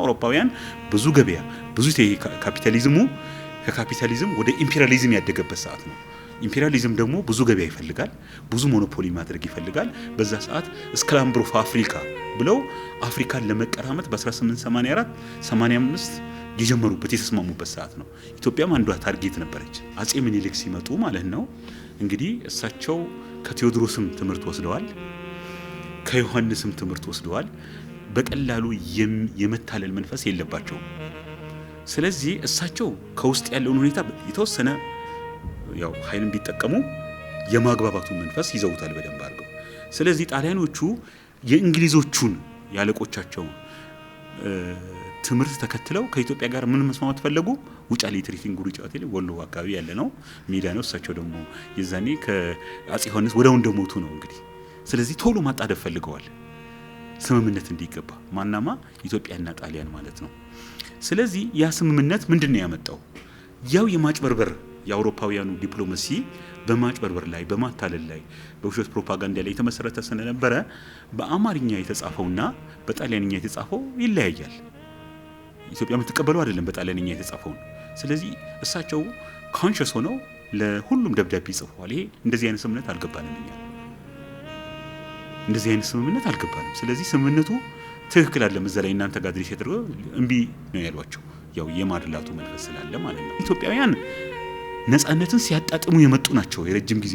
አውሮፓውያን ብዙ ገበያ ብዙ ካፒታሊዝሙ ከካፒታሊዝም ወደ ኢምፔሪያሊዝም ያደገበት ሰዓት ነው። ኢምፔሪያሊዝም ደግሞ ብዙ ገበያ ይፈልጋል፣ ብዙ ሞኖፖሊ ማድረግ ይፈልጋል። በዛ ሰዓት እስክላምብር ኦፍ አፍሪካ ብለው አፍሪካን ለመቀራመጥ በ1884 85 የጀመሩበት የተስማሙበት ሰዓት ነው። ኢትዮጵያም አንዷ ታርጌት ነበረች። አጼ ምኒልክ ሲመጡ ማለት ነው እንግዲህ እሳቸው ከቴዎድሮስም ትምህርት ወስደዋል፣ ከዮሐንስም ትምህርት ወስደዋል። በቀላሉ የመታለል መንፈስ የለባቸውም። ስለዚህ እሳቸው ከውስጥ ያለውን ሁኔታ የተወሰነ ያው ኃይልን ቢጠቀሙ የማግባባቱ መንፈስ ይዘውታል በደንብ አድርገው። ስለዚህ ጣሊያኖቹ የእንግሊዞቹን የአለቆቻቸውን ትምህርት ተከትለው ከኢትዮጵያ ጋር ምን መስማማት ፈለጉ? ውጫሌ ትሪቲንግ ውጫሌ ወሎ አካባቢ ያለ ነው ሜዳ ነው። እሳቸው ደግሞ የዛኔ ከአፄ ዮሐንስ ወዲያው ሞቱ ነው እንግዲህ። ስለዚህ ቶሎ ማጣደፍ ፈልገዋል። ስምምነት እንዲገባ ማናማ ኢትዮጵያና ጣሊያን ማለት ነው። ስለዚህ ያ ስምምነት ምንድን ነው ያመጣው? ያው የማጭበርበር የአውሮፓውያኑ ዲፕሎማሲ በማጭበርበር ላይ በማታለል ላይ በውሸት ፕሮፓጋንዳ ላይ የተመሰረተ ስለነበረ በአማርኛ የተጻፈውና በጣሊያንኛ የተጻፈው ይለያያል። ኢትዮጵያ የምትቀበለው አይደለም በጣሊያንኛ የተጻፈውን። ስለዚህ እሳቸው ኮንሽስ ሆነው ለሁሉም ደብዳቤ ጽፈዋል። ይሄ እንደዚህ አይነት ስምምነት አልገባንም እኛ እንደዚህ አይነት ስምምነት አልገባንም። ስለዚህ ስምምነቱ ትክክል አለ እዛ ላይ እናንተ ጋር ድርሽ ተደርጎ እምቢ ነው ያሏቸው። ያው የማድላቱ መንፈስ ስላለ ማለት ነው። ኢትዮጵያውያን ነጻነትን ሲያጣጥሙ የመጡ ናቸው። የረጅም ጊዜ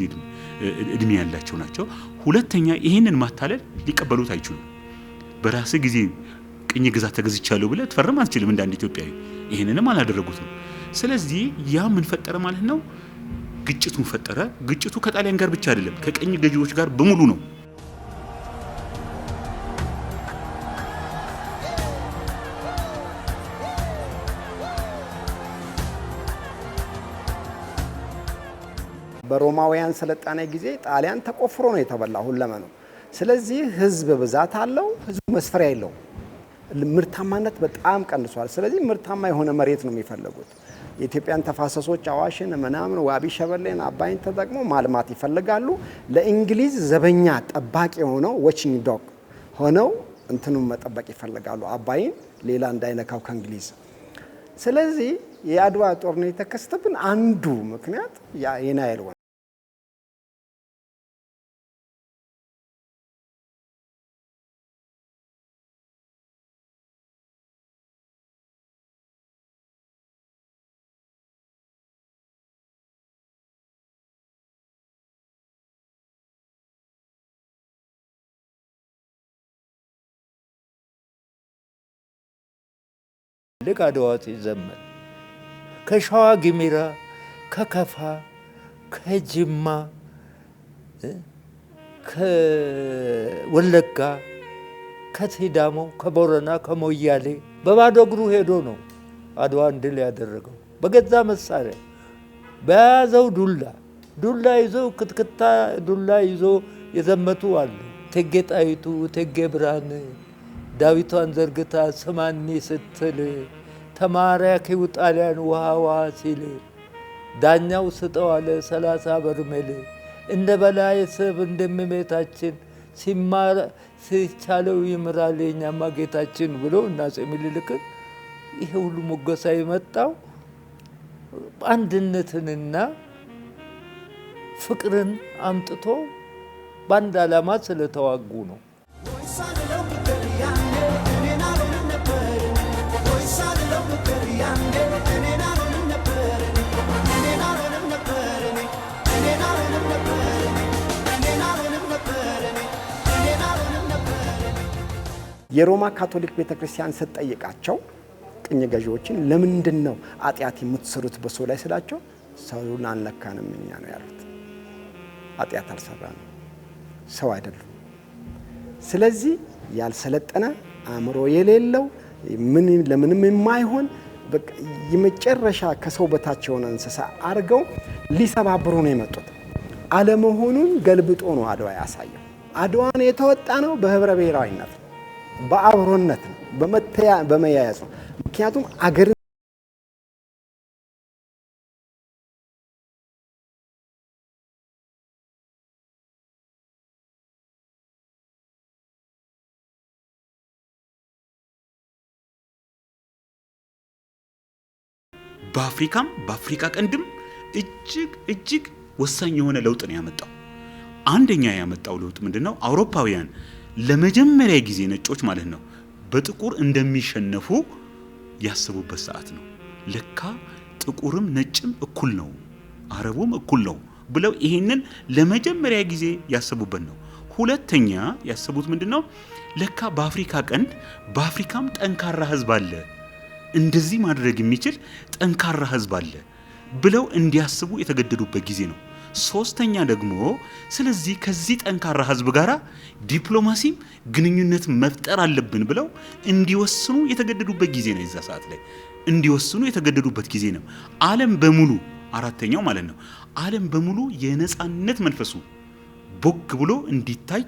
እድሜ ያላቸው ናቸው። ሁለተኛ ይህንን ማታለል ሊቀበሉት አይችሉም። በራስ ጊዜ ቅኝ ግዛት ተገዝቻለሁ ብለህ ትፈርም አትችልም እንደ አንድ ኢትዮጵያዊ። ይህንንም አላደረጉትም። ስለዚህ ያ ምን ፈጠረ ማለት ነው? ግጭቱን ፈጠረ። ግጭቱ ከጣሊያን ጋር ብቻ አይደለም፣ ከቅኝ ገዢዎች ጋር በሙሉ ነው። በሮማውያን ስልጣኔ ጊዜ ጣሊያን ተቆፍሮ ነው የተበላ ሁለመናው። ስለዚህ ህዝብ ብዛት አለው፣ ህዝቡ መስፈሪያ የለው። ምርታማነት በጣም ቀንሷል። ስለዚህ ምርታማ የሆነ መሬት ነው የሚፈልጉት። የኢትዮጵያን ተፋሰሶች አዋሽን፣ ምናምን ዋቢ ሸበሌን፣ አባይን ተጠቅሞ ማልማት ይፈልጋሉ። ለእንግሊዝ ዘበኛ ጠባቂ የሆነው ወችኝ ዶግ ሆነው እንትኑን መጠበቅ ይፈልጋሉ። አባይን ሌላ እንዳይነካው ከእንግሊዝ ስለዚህ የአድዋ ጦርነት የተከሰተብን አንዱ ምክንያት የናይል ልቅ አድዋት ሲዘመት ከሸዋ ግሚራ፣ ከከፋ፣ ከጅማ፣ ከወለጋ፣ ከሲዳሞ፣ ከቦረና፣ ከሞያሌ በባዶ እግሩ ሄዶ ነው አድዋን ድል ያደረገው በገዛ መሳሪያ በያዘው ዱላ ዱላ ይዞ ክትክታ ዱላ ይዞ የዘመቱ አሉ። እቴጌ ጣይቱ፣ እቴጌ ብርሃን ዳዊቷን ዘርግታ ስማኒ ስትል ተማራኪ ጣሊያን ውሃ ውሃ ሲል ዳኛው ስጠዋለ ሰላሳ በርሜል እንደ በላይ ስብ እንደምሜታችን ሲማር ሲቻለው ይምራል የኛማ ጌታችን ብሎ እና አፄ ምኒልክን ይሄ ሁሉ ሞገሳ የመጣው አንድነትንና ፍቅርን አምጥቶ በአንድ ዓላማ ስለተዋጉ ነው። የሮማ ካቶሊክ ቤተ ክርስቲያን ስትጠይቃቸው ቅኝ ገዢዎችን ለምንድን ነው አጢአት የምትሰሩት በሰው ላይ ስላቸው ሰውን አንለካንም እኛ ነው ያሉት። አጢአት አልሰራ ነው ሰው አይደሉም። ስለዚህ ያልሰለጠነ አእምሮ የሌለው ለምንም የማይሆን የመጨረሻ ከሰው በታች የሆነ እንስሳ አድርገው ሊሰባብሩ ነው የመጡት። አለመሆኑን ገልብጦ ነው አድዋ ያሳየው። አድዋን የተወጣ ነው በህብረ ብሔራዊነት በአብሮነት ነው፣ በመያያዝ ነው። ምክንያቱም አገርን በአፍሪካም በአፍሪካ ቀንድም እጅግ እጅግ ወሳኝ የሆነ ለውጥ ነው ያመጣው። አንደኛ ያመጣው ለውጥ ምንድን ነው? አውሮፓውያን ለመጀመሪያ ጊዜ ነጮች ማለት ነው በጥቁር እንደሚሸነፉ ያስቡበት ሰዓት ነው። ለካ ጥቁርም ነጭም እኩል ነው፣ አረቡም እኩል ነው ብለው ይሄንን ለመጀመሪያ ጊዜ ያስቡበት ነው። ሁለተኛ ያስቡት ምንድን ነው? ለካ በአፍሪካ ቀንድ በአፍሪካም ጠንካራ ህዝብ አለ፣ እንደዚህ ማድረግ የሚችል ጠንካራ ህዝብ አለ ብለው እንዲያስቡ የተገደዱበት ጊዜ ነው። ሶስተኛ ደግሞ ስለዚህ ከዚህ ጠንካራ ህዝብ ጋር ዲፕሎማሲም ግንኙነት መፍጠር አለብን ብለው እንዲወስኑ የተገደዱበት ጊዜ ነው። የዛ ሰዓት ላይ እንዲወስኑ የተገደዱበት ጊዜ ነው። ዓለም በሙሉ አራተኛው ማለት ነው። ዓለም በሙሉ የነፃነት መንፈሱ ቦግ ብሎ እንዲታይ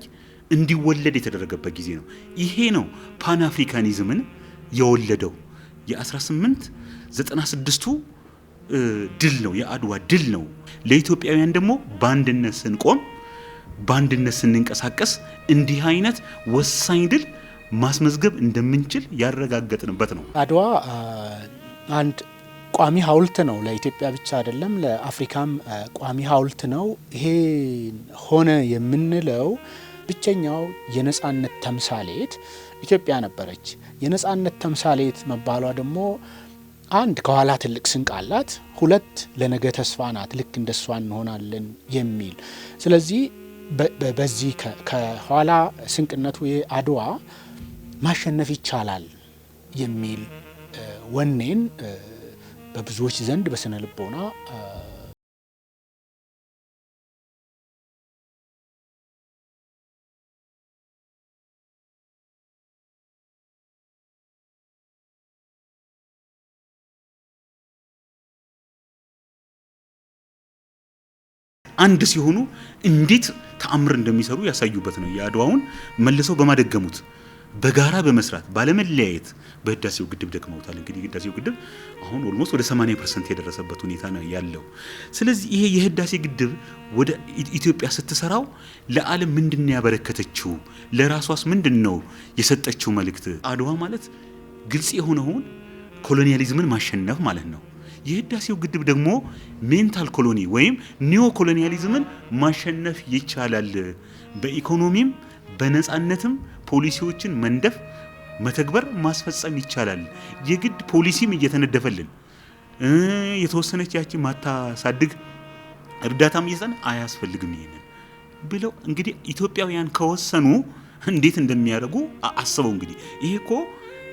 እንዲወለድ የተደረገበት ጊዜ ነው። ይሄ ነው ፓን አፍሪካኒዝምን የወለደው የ1896ቱ ድል ነው፣ የአድዋ ድል ነው። ለኢትዮጵያውያን ደግሞ በአንድነት ስንቆም፣ በአንድነት ስንንቀሳቀስ እንዲህ አይነት ወሳኝ ድል ማስመዝገብ እንደምንችል ያረጋገጥንበት ነው። አድዋ አንድ ቋሚ ሐውልት ነው። ለኢትዮጵያ ብቻ አይደለም፣ ለአፍሪካም ቋሚ ሐውልት ነው። ይሄ ሆነ የምንለው ብቸኛው የነፃነት ተምሳሌት ኢትዮጵያ ነበረች። የነፃነት ተምሳሌት መባሏ ደግሞ አንድ ከኋላ ትልቅ ስንቅ አላት፣ ሁለት ለነገ ተስፋ ናት፣ ልክ እንደሷ እንሆናለን የሚል ስለዚህ በዚህ ከኋላ ስንቅነቱ አድዋ ማሸነፍ ይቻላል የሚል ወኔን በብዙዎች ዘንድ በስነ ልቦና አንድ ሲሆኑ እንዴት ተአምር እንደሚሰሩ ያሳዩበት ነው። የአድዋውን መልሰው በማደገሙት በጋራ በመስራት ባለመለያየት በህዳሴው ግድብ ደክመውታል። እንግዲህ ህዳሴው ግድብ አሁን ኦልሞስት ወደ 80 ፐርሰንት የደረሰበት ሁኔታ ነው ያለው። ስለዚህ ይሄ የህዳሴ ግድብ ወደ ኢትዮጵያ ስትሰራው ለዓለም ምንድን ያበረከተችው? ለራሷስ ምንድን ነው የሰጠችው መልእክት? አድዋ ማለት ግልጽ የሆነውን ኮሎኒያሊዝምን ማሸነፍ ማለት ነው። የህዳሴው ግድብ ደግሞ ሜንታል ኮሎኒ ወይም ኒዮ ኮሎኒያሊዝምን ማሸነፍ ይቻላል። በኢኮኖሚም በነፃነትም ፖሊሲዎችን መንደፍ፣ መተግበር፣ ማስፈጸም ይቻላል። የግድ ፖሊሲም እየተነደፈልን የተወሰነች ያችን ማታሳድግ እርዳታም እየሰጠን አያስፈልግም። ይሄንን ብለው እንግዲህ ኢትዮጵያውያን ከወሰኑ እንዴት እንደሚያደርጉ አስበው እንግዲህ ይሄ እኮ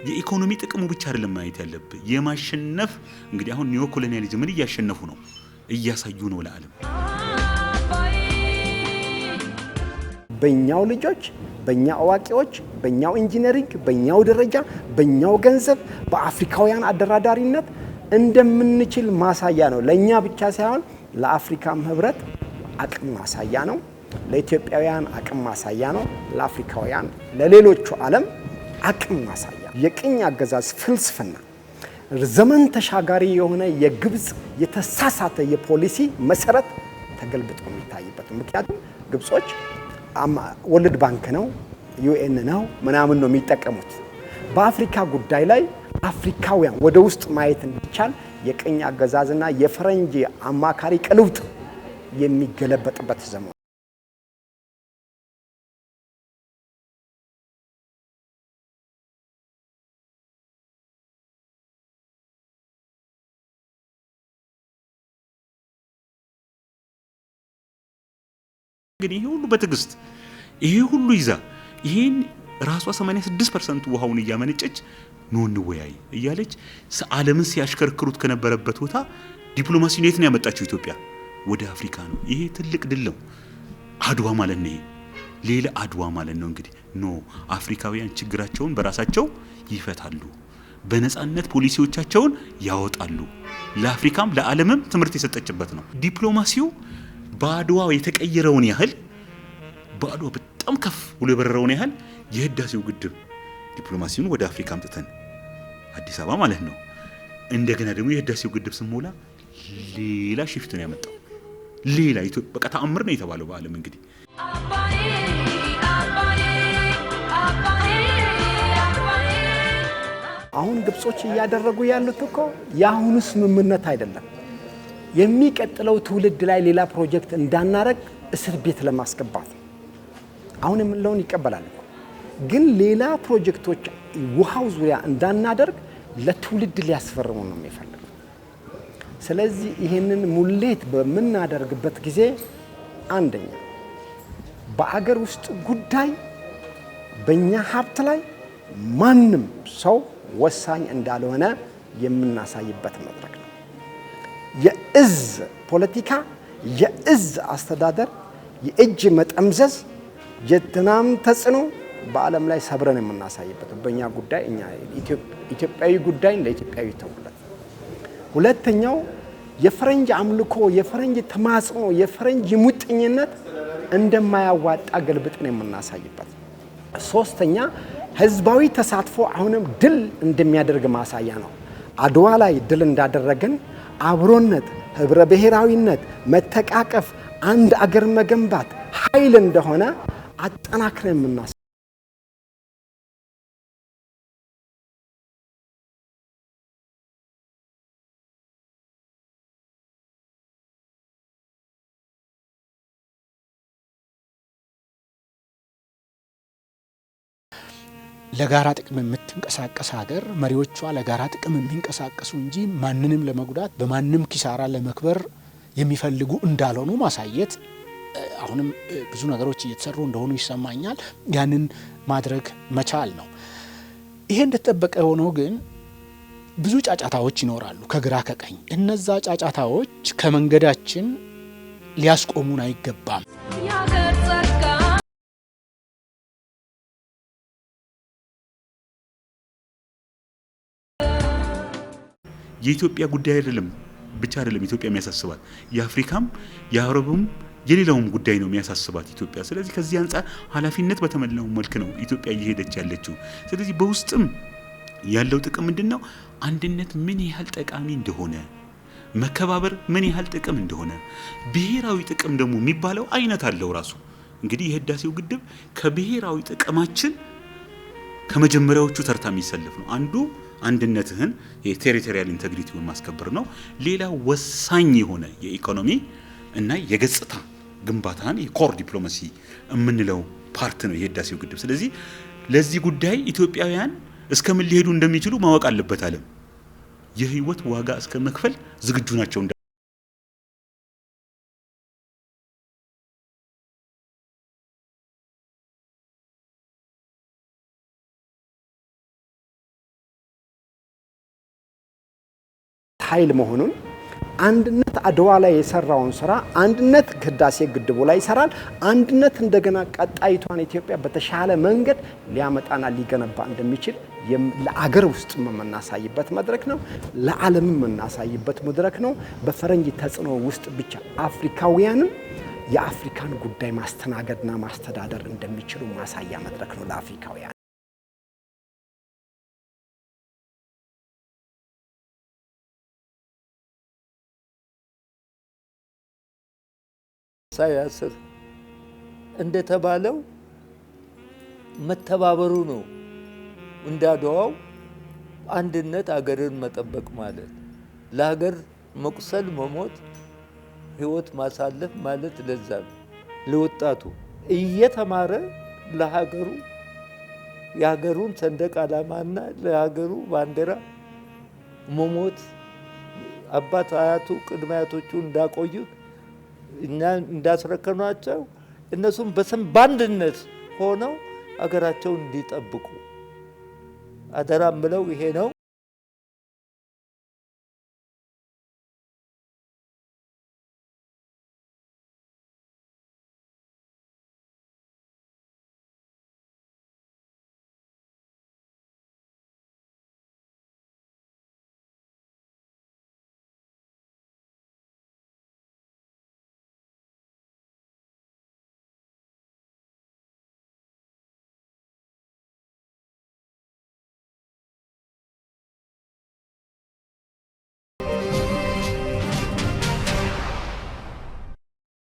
የኢኮኖሚ ጥቅሙ ብቻ አይደለም ማየት ያለብህ የማሸነፍ እንግዲህ አሁን ኒዮኮሎኒያሊዝምን ኮሎኒያሊዝምን እያሸነፉ ነው፣ እያሳዩ ነው ለዓለም። በእኛው ልጆች፣ በእኛው አዋቂዎች፣ በእኛው ኢንጂነሪንግ፣ በእኛው ደረጃ፣ በእኛው ገንዘብ፣ በአፍሪካውያን አደራዳሪነት እንደምንችል ማሳያ ነው። ለእኛ ብቻ ሳይሆን ለአፍሪካም ህብረት አቅም ማሳያ ነው። ለኢትዮጵያውያን አቅም ማሳያ ነው። ለአፍሪካውያን፣ ለሌሎቹ ዓለም አቅም ማሳያ የቅኝ አገዛዝ ፍልስፍና ዘመን ተሻጋሪ የሆነ የግብፅ የተሳሳተ የፖሊሲ መሰረት ተገልብጦ የሚታይበት ምክንያቱም ግብጾች ወርልድ ባንክ ነው ዩኤን ነው ምናምን ነው የሚጠቀሙት። በአፍሪካ ጉዳይ ላይ አፍሪካውያን ወደ ውስጥ ማየት እንዲቻል የቅኝ አገዛዝና የፈረንጅ አማካሪ ቅልውጥ የሚገለበጥበት ዘመን ግን ይሄ ሁሉ በትዕግስት ይሄ ሁሉ ይዛ ይሄን ራሷ 86 ፐርሰንት ውሃውን እያመነጨች ኖ እንወያይ እያለች ዓለምን ሲያሽከርክሩት ከነበረበት ቦታ ዲፕሎማሲውን የት ነው ያመጣችው? ኢትዮጵያ ወደ አፍሪካ ነው። ይሄ ትልቅ ድል ነው። አድዋ ማለት ነው። ሌላ አድዋ ማለት ነው። እንግዲህ ኖ አፍሪካውያን ችግራቸውን በራሳቸው ይፈታሉ፣ በነፃነት ፖሊሲዎቻቸውን ያወጣሉ። ለአፍሪካም ለዓለምም ትምህርት የሰጠችበት ነው ዲፕሎማሲው በአድዋው የተቀየረውን ያህል በአድዋ በጣም ከፍ ብሎ የበረረውን ያህል የህዳሴው ግድብ ዲፕሎማሲውን ወደ አፍሪካ አምጥተን አዲስ አበባ ማለት ነው። እንደገና ደግሞ የህዳሴው ግድብ ስሞላ ሌላ ሽፍት ነው ያመጣው። ሌላ በቃ ተአምር ነው የተባለው በዓለም እንግዲህ አሁን ግብጾች እያደረጉ ያሉት እኮ የአሁኑ ስምምነት አይደለም። የሚቀጥለው ትውልድ ላይ ሌላ ፕሮጀክት እንዳናረግ እስር ቤት ለማስገባት ነው። አሁን የምንለውን ይቀበላል፣ ግን ሌላ ፕሮጀክቶች ውሃው ዙሪያ እንዳናደርግ ለትውልድ ሊያስፈርሙ ነው የሚፈልግ። ስለዚህ ይህንን ሙሌት በምናደርግበት ጊዜ አንደኛ በአገር ውስጥ ጉዳይ በእኛ ሀብት ላይ ማንም ሰው ወሳኝ እንዳልሆነ የምናሳይበት መድረክ የእዝ ፖለቲካ፣ የእዝ አስተዳደር፣ የእጅ መጠምዘዝ የትናም ተጽዕኖ በዓለም ላይ ሰብረን የምናሳይበት በእኛ ጉዳይ እኛ ኢትዮጵያዊ ጉዳይን ለኢትዮጵያዊ ተውለት። ሁለተኛው የፈረንጅ አምልኮ፣ የፈረንጅ ተማጽኖ፣ የፈረንጅ ሙጥኝነት እንደማያዋጣ ገልብጥን የምናሳይበት። ሶስተኛ ህዝባዊ ተሳትፎ አሁንም ድል እንደሚያደርግ ማሳያ ነው። አድዋ ላይ ድል እንዳደረግን አብሮነት፣ ህብረ ብሔራዊነት፣ መተቃቀፍ፣ አንድ አገር መገንባት ኃይል እንደሆነ አጠናክረ የምናስ ለጋራ ጥቅም የምትንቀሳቀስ ሀገር መሪዎቿ ለጋራ ጥቅም የሚንቀሳቀሱ እንጂ ማንንም ለመጉዳት በማንም ኪሳራ ለመክበር የሚፈልጉ እንዳልሆኑ ማሳየት አሁንም ብዙ ነገሮች እየተሰሩ እንደሆኑ ይሰማኛል። ያንን ማድረግ መቻል ነው። ይሄ እንደተጠበቀ ሆኖ ግን ብዙ ጫጫታዎች ይኖራሉ ከግራ ከቀኝ። እነዛ ጫጫታዎች ከመንገዳችን ሊያስቆሙን አይገባም። የኢትዮጵያ ጉዳይ አይደለም ብቻ አይደለም ኢትዮጵያ የሚያሳስባት የአፍሪካም የአረቡም የሌላውም ጉዳይ ነው የሚያሳስባት ኢትዮጵያ። ስለዚህ ከዚህ አንጻር ኃላፊነት በተሞላው መልክ ነው ኢትዮጵያ እየሄደች ያለችው። ስለዚህ በውስጥም ያለው ጥቅም ምንድን ነው? አንድነት ምን ያህል ጠቃሚ እንደሆነ መከባበር ምን ያህል ጥቅም እንደሆነ ብሔራዊ ጥቅም ደግሞ የሚባለው አይነት አለው ራሱ። እንግዲህ የህዳሴው ግድብ ከብሔራዊ ጥቅማችን ከመጀመሪያዎቹ ተርታ የሚሰልፍ ነው አንዱ አንድነትህን የቴሪቶሪያል ኢንቴግሪቲውን ማስከበር ነው። ሌላ ወሳኝ የሆነ የኢኮኖሚ እና የገጽታ ግንባታን የኮር ዲፕሎማሲ የምንለው ፓርት ነው የህዳሴው ግድብ። ስለዚህ ለዚህ ጉዳይ ኢትዮጵያውያን እስከምን ሊሄዱ እንደሚችሉ ማወቅ አለበት። ዓለም የህይወት ዋጋ እስከ መክፈል ዝግጁ ናቸው። ኃይል መሆኑን አንድነት አድዋ ላይ የሰራውን ስራ አንድነት ህዳሴ ግድቡ ላይ ይሰራል። አንድነት እንደገና ቀጣይቷን ኢትዮጵያ በተሻለ መንገድ ሊያመጣና ሊገነባ እንደሚችል ለአገር ውስጥ የምናሳይበት መድረክ ነው። ለዓለምም የምናሳይበት መድረክ ነው። በፈረንጅ ተጽዕኖ ውስጥ ብቻ አፍሪካውያንም የአፍሪካን ጉዳይ ማስተናገድና ማስተዳደር እንደሚችሉ ማሳያ መድረክ ነው ለአፍሪካውያን። መሳይ አስር እንደተባለው መተባበሩ ነው። እንዳድዋው አንድነት አገርን መጠበቅ ማለት ለሀገር መቁሰል፣ መሞት፣ ህይወት ማሳለፍ ማለት ለዛ ነው። ለወጣቱ እየተማረ ለሀገሩ የሀገሩን ሰንደቅ ዓላማና ለሀገሩ ባንዲራ መሞት አባት አያቱ ቅድመ አያቶቹ እንዳቆዩት እኛ እንዳስረከኗቸው እነሱም በስም በአንድነት ሆነው አገራቸውን እንዲጠብቁ አደራ ምለው ይሄ ነው።